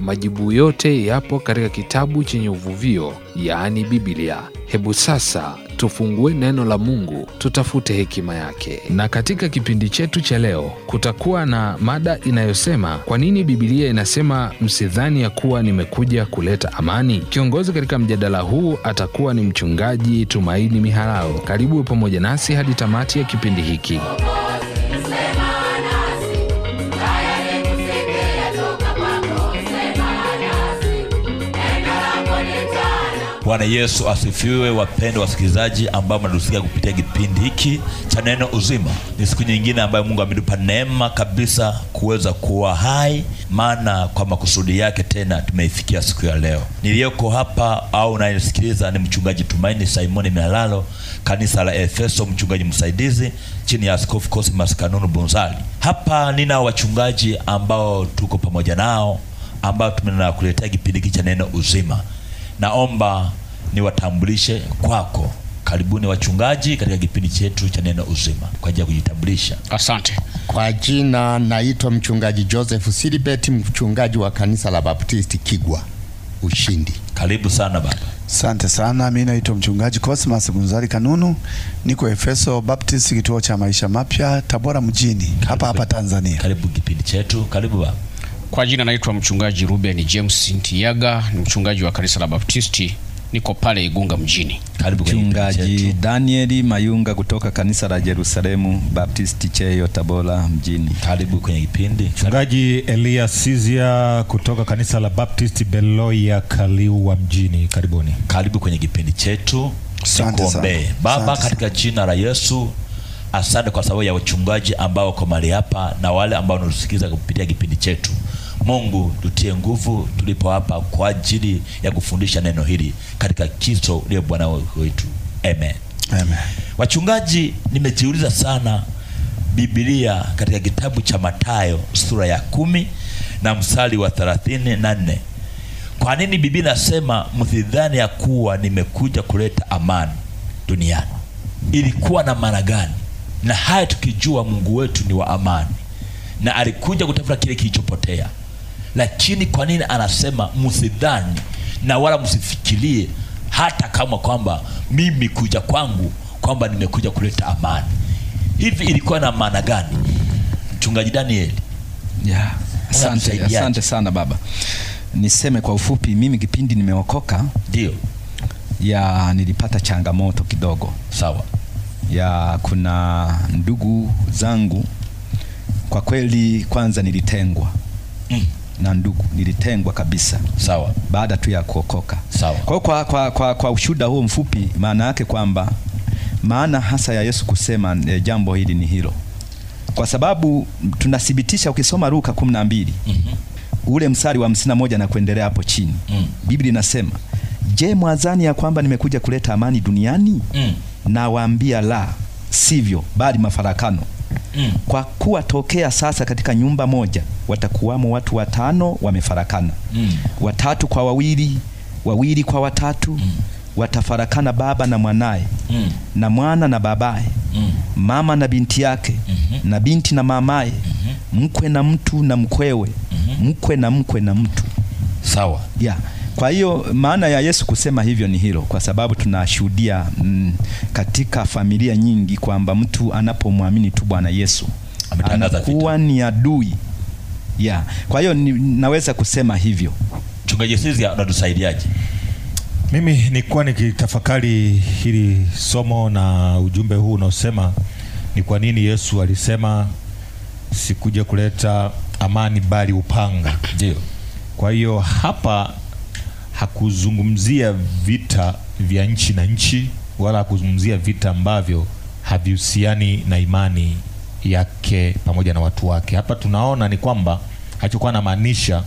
Majibu yote yapo katika kitabu chenye uvuvio, yaani Biblia. Hebu sasa tufungue neno la Mungu, tutafute hekima yake. Na katika kipindi chetu cha leo kutakuwa na mada inayosema kwa nini Biblia inasema msidhani ya kuwa nimekuja kuleta amani. Kiongozi katika mjadala huu atakuwa ni mchungaji Tumaini Mihalalo. Karibu pamoja nasi hadi tamati ya kipindi hiki. Bwana Yesu asifiwe. Wapendwa wasikilizaji ambao mnatusikia kupitia kipindi hiki cha neno uzima, ni siku nyingine ambayo Mungu ametupa neema kabisa kuweza kuwa hai, maana kwa makusudi yake tena tumeifikia siku ya leo. Niliyoko hapa au unayesikiliza ni mchungaji Tumaini Simoni Mialalo, kanisa la Efeso, mchungaji msaidizi chini ya Askofu Cosmas Kanunu Bunzali. Hapa nina wachungaji ambao tuko pamoja nao ambao tumenakuletea kipindi hiki cha neno uzima. Naomba niwatambulishe kwako. Karibuni wachungaji katika kipindi chetu cha neno uzima kwa ajili ya kujitambulisha. Asante. Kwa jina naitwa mchungaji Joseph Silibeti, mchungaji wa kanisa la Baptisti Kigwa Ushindi. Karibu sana baba. Asante sana. Mimi naitwa mchungaji Cosmas Gunzali Kanunu, niko Efeso Baptist, kituo cha maisha mapya, Tabora mjini, hapa hapa Tanzania. Karibu kipindi chetu, karibu baba. Kwa jina naitwa mchungaji Ruben James Ntiyaga, ni mchungaji wa kanisa la Baptisti niko pale Igunga mjini. Karibu mchungaji Danieli Mayunga kutoka kanisa la Jerusalemu Baptist Cheyo Tabora mjini. Karibu kwenye kipindi. Mchungaji Elia Sizia kutoka kanisa la Baptist Beloya Kaliua mjini. Karibuni. Karibu kwenye kipindi chetu. Sikuombee. Baba katika jina la Yesu asante kwa sababu ya wachungaji ambao wako mahali hapa na wale ambao wanatusikiliza kupitia kipindi chetu. Mungu tutie nguvu tulipo hapa kwa ajili ya kufundisha neno hili katika Kristo uliye Bwana wetu. Amen. Amen. Wachungaji, nimejiuliza sana Biblia katika kitabu cha Mathayo sura ya kumi na mstari wa thelathini na nne. Kwa nini Biblia nasema msidhani ya kuwa nimekuja kuleta amani duniani? Ilikuwa na maana gani? Na haya tukijua Mungu wetu ni wa amani na alikuja kutafuta kile kilichopotea. Lakini kwa nini anasema msidhani na wala msifikirie hata kama kwamba mimi kuja kwangu kwamba nimekuja kuleta amani? Hivi ilikuwa na maana gani, mchungaji Danieli? Yeah. Asante, asante sana baba. Niseme kwa ufupi, mimi kipindi nimeokoka ndio ya nilipata changamoto kidogo, sawa ya kuna ndugu zangu kwa kweli, kwanza nilitengwa mm na ndugu, nilitengwa kabisa. Sawa. Baada tu ya kuokoka. Sawa. Kwa kwa, kwa, kwa, kwa ushuda huo mfupi, maana yake kwamba maana hasa ya Yesu kusema e, jambo hili ni hilo, kwa sababu tunathibitisha ukisoma Luka kumi na mbili mm -hmm. ule msari wa hamsini na moja na kuendelea hapo chini mm. Biblia inasema je, mwazani ya kwamba nimekuja kuleta amani duniani? mm. Nawaambia la sivyo, bali mafarakano mm. kwa kuwa tokea sasa katika nyumba moja watakuwamo watu watano wamefarakana, mm. watatu kwa wawili, wawili kwa watatu mm. watafarakana, baba na mwanaye mm. na mwana na babaye mm. mama na binti yake mm -hmm. na binti na mamaye mm -hmm. mkwe na mtu na mkwewe mm -hmm. mkwe na mkwe na mtu. Sawa, yeah kwa hiyo maana ya Yesu kusema hivyo ni hilo, kwa sababu tunashuhudia mm, katika familia nyingi kwamba mtu anapomwamini tu Bwana Yesu anakuwa ni adui yeah. Kwa hiyo naweza kusema hivyo. Mchungaji Sizi anatusaidiaje? Mimi nilikuwa nikitafakari hili somo na ujumbe huu unaosema ni kwa nini Yesu alisema sikuja kuleta amani bali upanga. Ndio. Kwa hiyo hapa hakuzungumzia vita vya nchi na nchi wala hakuzungumzia vita ambavyo havihusiani na imani yake pamoja na watu wake. Hapa tunaona ni kwamba alichokuwa anamaanisha,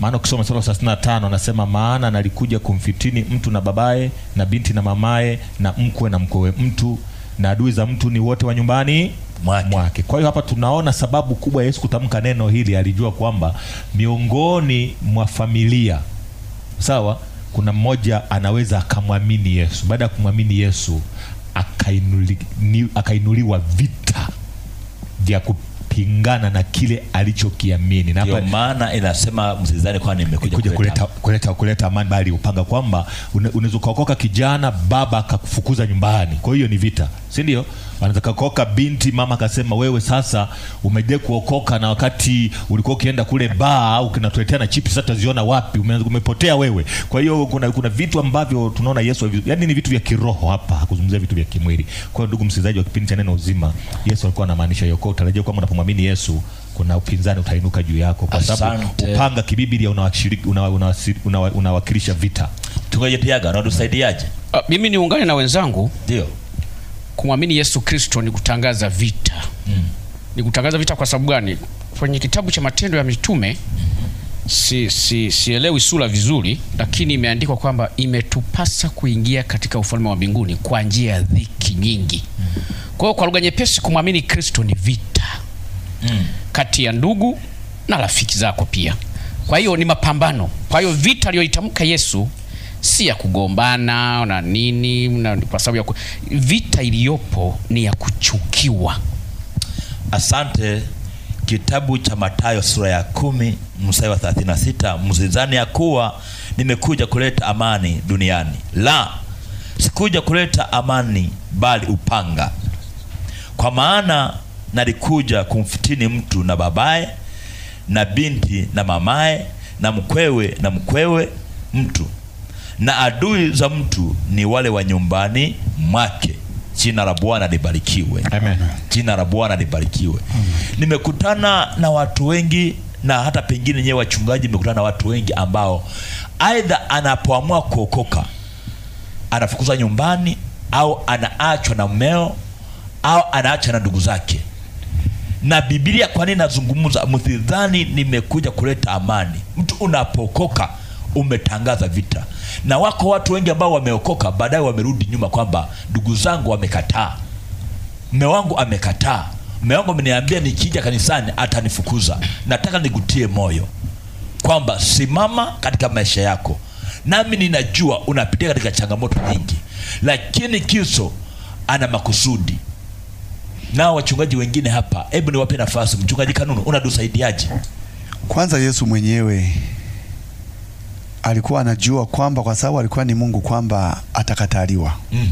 maana ukisoma sura 35 anasema, maana nalikuja kumfitini mtu na babaye na binti na mamaye na mkwe na mkwewe mtu na adui za mtu ni wote wa nyumbani mwake, mwake. Kwa hiyo hapa tunaona sababu kubwa ya Yesu kutamka neno hili, alijua kwamba miongoni mwa familia sawa, kuna mmoja anaweza akamwamini Yesu. Baada ya kumwamini Yesu, akainuliwa vita vya kupingana na kile alichokiamini, na hapa maana inasema msidhani kwa nimekuja kuleta kuleta, kuleta, amani, bali upanga, kwamba unaweza kuokoka kijana, baba akakufukuza nyumbani. Kwa hiyo ni vita, si ndio? Anaweza kuokoka binti, mama akasema wewe sasa umeje kuokoka, na wakati ulikuwa ukienda kule baa au kinatuletea na chips, sasa ziona wapi? umepotea wewe. Kwa hiyo kuna, kuna vitu ambavyo tunaona Yesu, yani ni vitu vya kiroho hapa, hakuzungumzia vitu vya kimwili. Kwa hiyo ndugu msikilizaji wa kipindi cha neno uzima, Yesu alikuwa anamaanisha hiyo, kwa utarajia kwamba kumwamini Yesu kuna upinzani utainuka juu yako, kwa sababu upanga kibiblia unawakilisha una, una, una, una vita. Tungejepeaga natusaidiaje? Uh, ah, mimi niungane na wenzangu, ndio kumwamini Yesu Kristo ni kutangaza vita mm. Ni kutangaza vita kwa sababu gani? Kwenye kitabu cha Matendo ya Mitume si, si, sielewi sura vizuri, lakini imeandikwa kwamba imetupasa kuingia katika ufalme wa mbinguni kwa njia ya dhiki nyingi. Kwa hiyo kwa lugha nyepesi, kumwamini Kristo ni vita mm. kati ya ndugu na rafiki zako pia. Kwa hiyo ni mapambano. Kwa hiyo vita aliyoitamka Yesu si ya kugombana na nini na kwa sababu ya ku... vita iliyopo ni ya kuchukiwa. Asante. Kitabu cha Mathayo sura ya kumi mstari wa 36, msidhani ya kuwa nimekuja kuleta amani duniani, la sikuja kuleta amani, bali upanga. Kwa maana nalikuja kumfitini mtu na babaye na binti na mamaye na mkwewe na mkwewe mtu na adui za mtu ni wale wa nyumbani mwake. Jina la Bwana libarikiwe, amen. Jina la Bwana libarikiwe. Nimekutana na watu wengi, na hata pengine nyewe wachungaji, nimekutana na watu wengi ambao aidha anapoamua kuokoka anafukuzwa nyumbani, au anaachwa na mmeo, au anaachwa na ndugu zake na Biblia. Kwa nini nazungumza? Msidhani nimekuja kuleta amani. Mtu unapokoka umetangaza vita, na wako watu wengi ambao wameokoka baadaye wamerudi nyuma, kwamba ndugu zangu wamekataa, mme wangu amekataa, mme wangu ameniambia nikija kanisani atanifukuza. Nataka nikutie moyo kwamba simama katika maisha yako, nami ninajua unapitia katika changamoto nyingi, lakini Kristo ana makusudi nao wachungaji wengine hapa, hebu niwape nafasi. Mchungaji Kanunu, unatusaidiaje? Kwanza Yesu mwenyewe alikuwa anajua kwamba kwa sababu alikuwa ni Mungu kwamba atakataliwa. mm.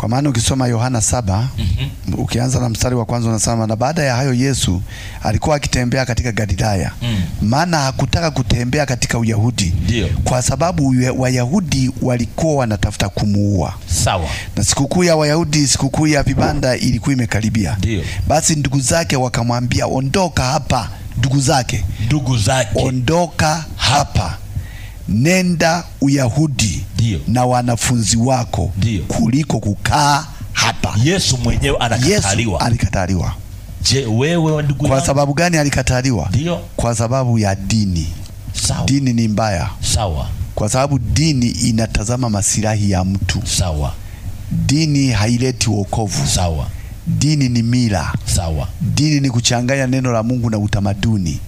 Kwa maana ukisoma Yohana saba mm -hmm. ukianza na mstari wa kwanza unasema, na baada ya hayo Yesu alikuwa akitembea katika Galilaya mm. maana hakutaka kutembea katika Uyahudi Dio. kwa sababu Wayahudi walikuwa wanatafuta kumuua. Sawa. na sikukuu ya Wayahudi, sikukuu ya vibanda ilikuwa imekaribia. Dio. Basi ndugu zake wakamwambia, ondoka hapa. Ndugu zake, ndugu zake, ondoka hapa, nenda Uyahudi Dio. na wanafunzi wako Dio. kuliko kukaa hapa. Yesu mwenyewe anakataliwa. Alikataliwa. Je, wewe ndugu, kwa sababu gani alikataliwa? Dio. Kwa sababu ya dini. Sawa. Dini ni mbaya. Sawa. Kwa sababu dini inatazama masilahi ya mtu. Sawa. Dini haileti wokovu. Sawa. Dini ni mila. Sawa. Dini ni kuchanganya neno la Mungu na utamaduni.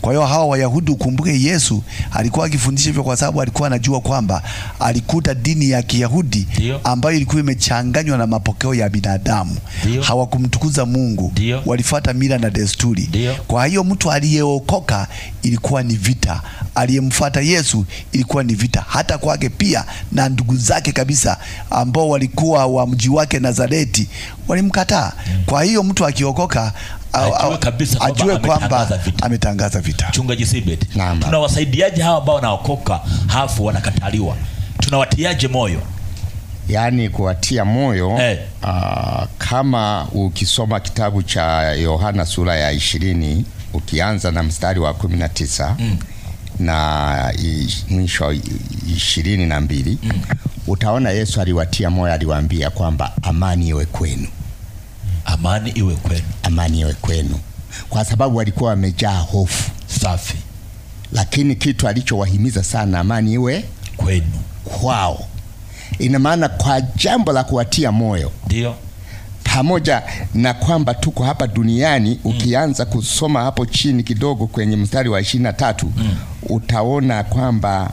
Kwa hiyo hawa Wayahudi, ukumbuke Yesu alikuwa akifundisha hivyo kwa sababu alikuwa anajua kwamba alikuta dini ya Kiyahudi ambayo ilikuwa imechanganywa na mapokeo ya binadamu. Hawakumtukuza Mungu walifuata mila na desturi Kwa hiyo mtu aliyeokoka ilikuwa ni vita, aliyemfuata Yesu ilikuwa ni vita, hata kwake pia na ndugu zake kabisa ambao walikuwa wa mji wake Nazareti walimkataa. Kwa hiyo mtu akiokoka ajue kabisa ajue kwamba ametangaza vita. Mchungaji Sibet, tunawasaidiaje hawa ambao wanaokoka hafu wanakataliwa? Tunawatiaje moyo? Yaani kuwatia moyo hey. Uh, ah, kama ukisoma kitabu cha Yohana sura ya ishirini ukianza na mstari wa kumi na tisa mm. na mwisho ishirini na mbili mm. utaona Yesu aliwatia moyo, aliwaambia kwamba amani iwe kwenu. Amani iwe kwenu, amani iwe kwenu, kwa sababu walikuwa wamejaa hofu. Safi. Lakini kitu alichowahimiza sana, amani iwe kwenu, kwao. Ina maana kwa jambo la kuwatia moyo, ndio pamoja na kwamba tuko hapa duniani. Mm. Ukianza kusoma hapo chini kidogo kwenye mstari wa ishirini na tatu mm. utaona kwamba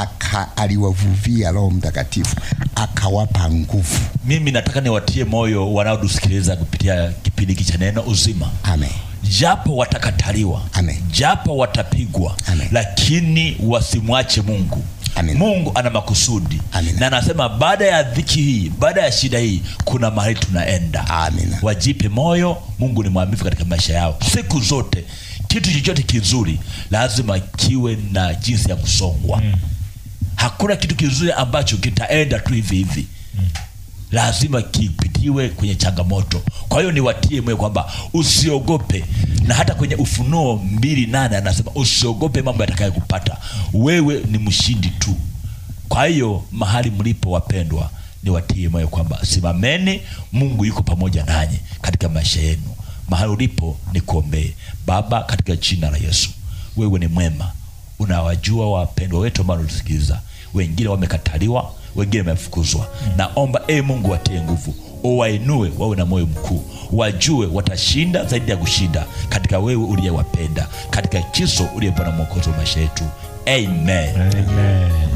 aka aliwavuvia Roho Mtakatifu akawapa nguvu. Mimi nataka niwatie moyo wanaotusikiliza kupitia kipindi hiki cha Neno Uzima. Amen. Japo watakataliwa, Amen. Japo watapigwa, Amen. Lakini wasimwache Mungu. Amen. Mungu ana makusudi na anasema baada ya dhiki hii, baada ya shida hii kuna mahali tunaenda. Amen. Wajipe moyo, Mungu ni mwaminifu katika maisha yao siku zote. Kitu chochote kizuri lazima kiwe na jinsi ya kusongwa. Mm. Hakuna kitu kizuri ambacho kitaenda tu hivi hivi mm. Lazima kipitiwe kwenye changamoto. Kwa hiyo niwatie moyo kwamba usiogope, na hata kwenye Ufunuo mbili nane anasema usiogope mambo yatakayokupata wewe, ni mshindi tu. Kwa hiyo mahali mlipo, wapendwa, niwatie moyo kwamba simameni, Mungu yuko pamoja nanyi katika maisha yenu. Mahali ulipo, nikuombee. Baba, katika jina la Yesu, wewe ni mwema, unawajua wapendwa wetu ambao unatusikiliza wengine wamekataliwa, wengine wamefukuzwa. mm. Naomba e Mungu watie nguvu, uwainue wawe na moyo mkuu, wajue watashinda zaidi ya kushinda katika wewe uliyewapenda, katika Kristo uliyepona Mwokozi wa maisha yetu. Amen, amen.